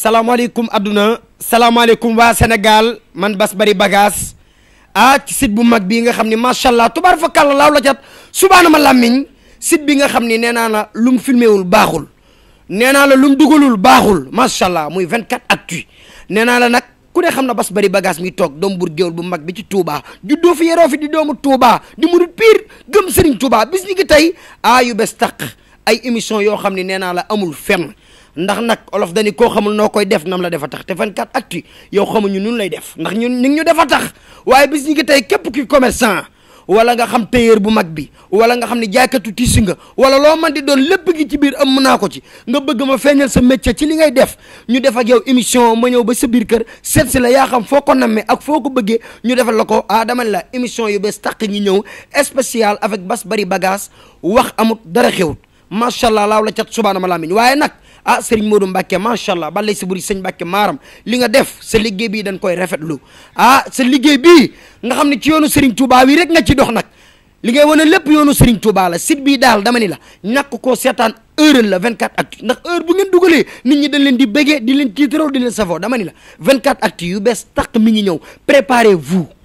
salaamaaleykum adduna salaamaaleykum waa senegal man bas Bari bagaas ah ci site bu mag bii nga xam ne macha allah tubaar fa kàlla laaw la cat subaana ma làmmiñ site bi nga xam ne nee naa la lu mu wul baaxul nee naa la lu mu dugalul baaxul macha allah muy 24 actu nee naa la nag ku ne xam na Bass Bari bagaas mi toog doom buur géwél bu mag bi ci Touba juddoo fi yeroo fi di doomu Touba di murit piir gëm Serigne Touba bis ñi ngi tey ah yu bes taq ay émission yoo xam ne nee naa la amul fenn ndax nag olof dani koo xamul noo koy def nam la defa tax te 24 actu yow xamuñu nun lay def ndax ñun ñu ngi ñu defa tax waaye bis ñi ngi tey képp ki commerçant wala nga xam tailleur bu mag bi wala nga xam ne jaaykatu tissu nga wala loo man di doon lépp gi ci biir am mën naa ko ci nga bëgg ma feeñal sa métier ci li ngay def ñu def ak yow émission ma ñëw ba sa biir kër seet si la yaa xam foo ko nammee ak foo ko bëggee ñu defal la ko adamal la émission yu bees tàq ñi ñëw spécial avec bas bari bagage wax amut dara xewut macha allah laaw la cat subaana ma lamiñ waaye nag ah Serigne Modou Mbacke macha allah balay si buri sëñ Mbacke maaram li nga def sa liggéey bi dañ koy rafetlu ah sa liggéey bi nga xam ne ci yoonu Serigne Touba wi rek nga ci dox nag li ngay wane lépp yoonu Serigne Touba la site bii daal dama la ñàkk koo seetaan heure la 24 actu ndax heure bu ngeen dugalee nit ñi dañ leen di bégee di leen tiitaroo di leen safoo dama ni la 24 actu yu bees tàq mi ngi ñëw préparez vous.